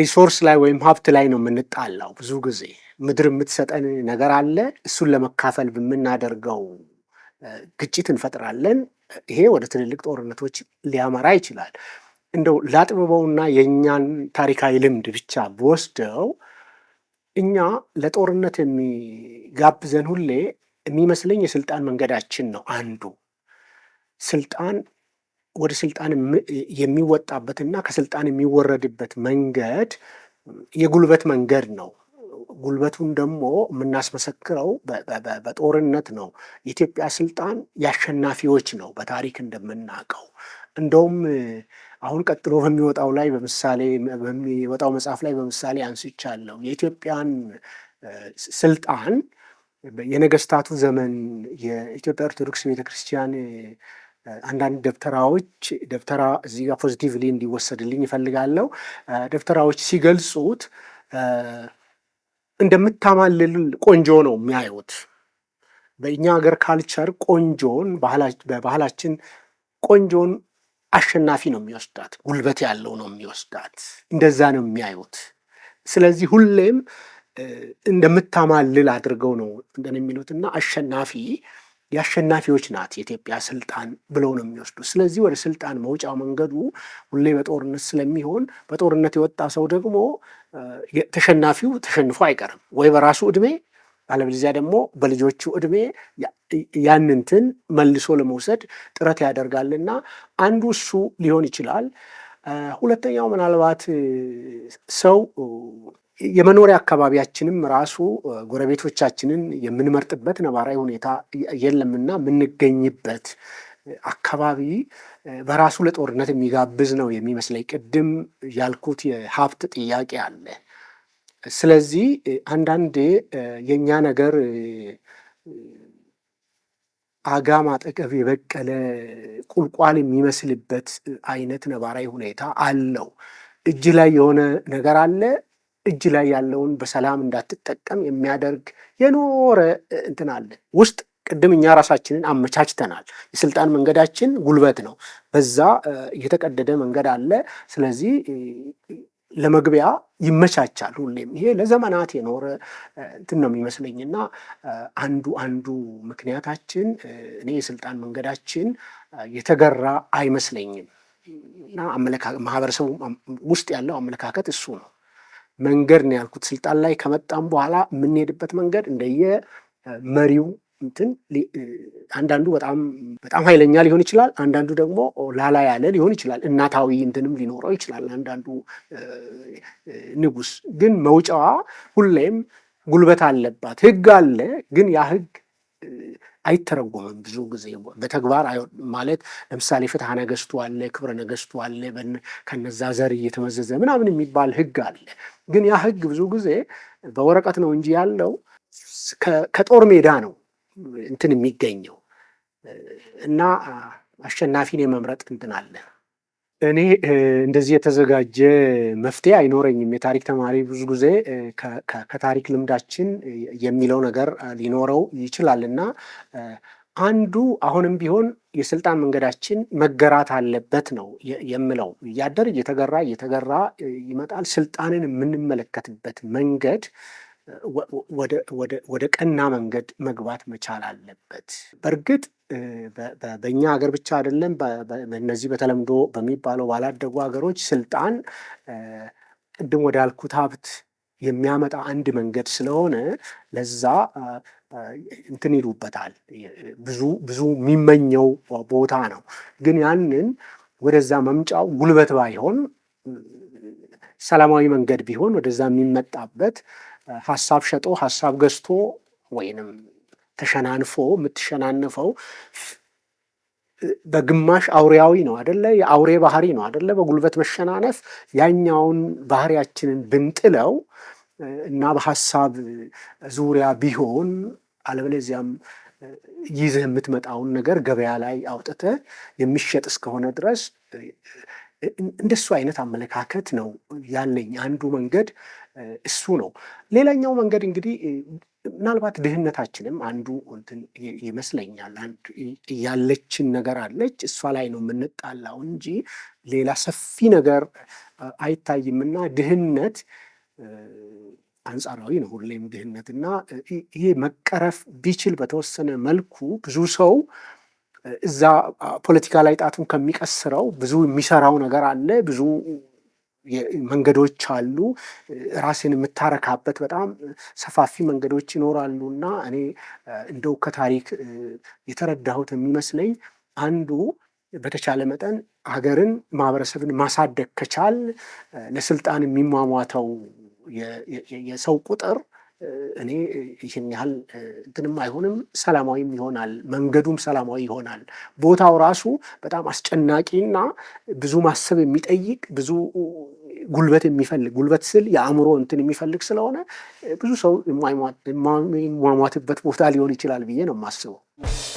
ሪሶርስ ላይ ወይም ሀብት ላይ ነው የምንጣላው። ብዙ ጊዜ ምድር የምትሰጠን ነገር አለ። እሱን ለመካፈል በምናደርገው ግጭት እንፈጥራለን። ይሄ ወደ ትልልቅ ጦርነቶች ሊያመራ ይችላል። እንደው ላጥበበውና የእኛን ታሪካዊ ልምድ ብቻ ብወስደው እኛ ለጦርነት የሚጋብዘን ሁሌ የሚመስለኝ የስልጣን መንገዳችን ነው። አንዱ ስልጣን ወደ ስልጣን የሚወጣበትና ከስልጣን የሚወረድበት መንገድ የጉልበት መንገድ ነው። ጉልበቱን ደግሞ የምናስመሰክረው በጦርነት ነው። የኢትዮጵያ ስልጣን የአሸናፊዎች ነው፣ በታሪክ እንደምናውቀው። እንደውም አሁን ቀጥሎ በሚወጣው ላይ በምሳሌ በሚወጣው መጽሐፍ ላይ በምሳሌ አንስቻለሁ። የኢትዮጵያን ስልጣን የነገስታቱ ዘመን የኢትዮጵያ ኦርቶዶክስ ቤተክርስቲያን አንዳንድ ደብተራዎች ደብተራ እዚህ ጋር ፖዚቲቭሊ እንዲወሰድልኝ ይፈልጋለው። ደብተራዎች ሲገልጹት እንደምታማልል ቆንጆ ነው የሚያዩት። በእኛ ሀገር ካልቸር ቆንጆን በባህላችን ቆንጆን አሸናፊ ነው የሚወስዳት፣ ጉልበት ያለው ነው የሚወስዳት። እንደዛ ነው የሚያዩት። ስለዚህ ሁሌም እንደምታማልል አድርገው ነው እና አሸናፊ የአሸናፊዎች ናት የኢትዮጵያ ስልጣን ብለው ነው የሚወስዱ። ስለዚህ ወደ ስልጣን መውጫው መንገዱ ሁሌ በጦርነት ስለሚሆን በጦርነት የወጣ ሰው ደግሞ ተሸናፊው ተሸንፎ አይቀርም ወይ በራሱ እድሜ አለበለዚያ ደግሞ በልጆቹ እድሜ ያንንትን መልሶ ለመውሰድ ጥረት ያደርጋልና አንዱ እሱ ሊሆን ይችላል። ሁለተኛው ምናልባት ሰው የመኖሪያ አካባቢያችንም ራሱ ጎረቤቶቻችንን የምንመርጥበት ነባራዊ ሁኔታ የለምና የምንገኝበት አካባቢ በራሱ ለጦርነት የሚጋብዝ ነው የሚመስለኝ። ቅድም ያልኩት የሀብት ጥያቄ አለ። ስለዚህ አንዳንዴ የእኛ ነገር አጋም አጠገብ የበቀለ ቁልቋል የሚመስልበት አይነት ነባራዊ ሁኔታ አለው። እጅ ላይ የሆነ ነገር አለ እጅ ላይ ያለውን በሰላም እንዳትጠቀም የሚያደርግ የኖረ እንትን አለ ውስጥ ቅድም እኛ ራሳችንን አመቻችተናል። የስልጣን መንገዳችን ጉልበት ነው። በዛ የተቀደደ መንገድ አለ። ስለዚህ ለመግቢያ ይመቻቻል ሁሌም። ይሄ ለዘመናት የኖረ እንትን ነው የሚመስለኝና አንዱ አንዱ ምክንያታችን እኔ የስልጣን መንገዳችን የተገራ አይመስለኝም እና ማህበረሰቡ ውስጥ ያለው አመለካከት እሱ ነው። መንገድ ነው ያልኩት። ስልጣን ላይ ከመጣም በኋላ የምንሄድበት መንገድ እንደየ መሪው እንትን አንዳንዱ በጣም በጣም ኃይለኛ ሊሆን ይችላል። አንዳንዱ ደግሞ ላላ ያለ ሊሆን ይችላል። እናታዊ እንትንም ሊኖረው ይችላል። አንዳንዱ ንጉስ ግን መውጫዋ ሁሌም ጉልበት አለባት። ህግ አለ፣ ግን ያ ህግ አይተረጎምም። ብዙ ጊዜ በተግባር ማለት ለምሳሌ ፍትሐ ነገስቱ አለ፣ ክብረ ነገስቱ አለ፣ ከነዛ ዘር እየተመዘዘ ምናምን የሚባል ህግ አለ። ግን ያ ህግ ብዙ ጊዜ በወረቀት ነው እንጂ ያለው ከጦር ሜዳ ነው እንትን የሚገኘው እና አሸናፊን የመምረጥ እንትን አለ። እኔ እንደዚህ የተዘጋጀ መፍትሄ አይኖረኝም። የታሪክ ተማሪ ብዙ ጊዜ ከታሪክ ልምዳችን የሚለው ነገር ሊኖረው ይችላል እና አንዱ አሁንም ቢሆን የስልጣን መንገዳችን መገራት አለበት ነው የምለው። እያደር እየተገራ እየተገራ ይመጣል። ስልጣንን የምንመለከትበት መንገድ ወደ ቀና መንገድ መግባት መቻል አለበት። በእርግጥ በእኛ ሀገር ብቻ አይደለም። እነዚህ በተለምዶ በሚባለው ባላደጉ ሀገሮች ስልጣን ቅድም ወዳልኩት ሀብት የሚያመጣ አንድ መንገድ ስለሆነ ለዛ እንትን ይሉበታል። ብዙ ብዙ የሚመኘው ቦታ ነው። ግን ያንን ወደዛ መምጫው ጉልበት ባይሆን ሰላማዊ መንገድ ቢሆን ወደዛ የሚመጣበት ሀሳብ ሸጦ ሀሳብ ገዝቶ ወይንም ተሸናንፎ የምትሸናንፈው በግማሽ አውሬያዊ ነው አደለ? የአውሬ ባህሪ ነው አደለ? በጉልበት መሸናነፍ ያኛውን ባህሪያችንን ብንጥለው እና በሀሳብ ዙሪያ ቢሆን አለበለዚያም ይዘህ የምትመጣውን ነገር ገበያ ላይ አውጥተህ የሚሸጥ እስከሆነ ድረስ እንደሱ አይነት አመለካከት ነው ያለኝ። አንዱ መንገድ እሱ ነው። ሌላኛው መንገድ እንግዲህ ምናልባት ድህነታችንም አንዱ እንትን ይመስለኛል። አንዱ ያለችን ነገር አለች፣ እሷ ላይ ነው የምንጣላው እንጂ ሌላ ሰፊ ነገር አይታይምና ድህነት አንጻራዊ ነው ሁሌም እና ይሄ መቀረፍ ቢችል በተወሰነ መልኩ ብዙ ሰው እዛ ፖለቲካ ላይ ጣቱን ከሚቀስረው ብዙ የሚሰራው ነገር አለ፣ ብዙ መንገዶች አሉ፣ ራሴን የምታረካበት በጣም ሰፋፊ መንገዶች ይኖራሉ እና እኔ እንደው ከታሪክ የተረዳሁት የሚመስለኝ አንዱ በተቻለ መጠን ሀገርን ማህበረሰብን ማሳደግ ከቻል ለስልጣን የሚሟሟተው የሰው ቁጥር እኔ ይህን ያህል ግንም አይሆንም፣ ሰላማዊም ይሆናል፣ መንገዱም ሰላማዊ ይሆናል። ቦታው ራሱ በጣም አስጨናቂና ብዙ ማሰብ የሚጠይቅ ብዙ ጉልበት የሚፈልግ ጉልበት ስል የአእምሮ እንትን የሚፈልግ ስለሆነ ብዙ ሰው የማሟትበት ቦታ ሊሆን ይችላል ብዬ ነው የማስበው።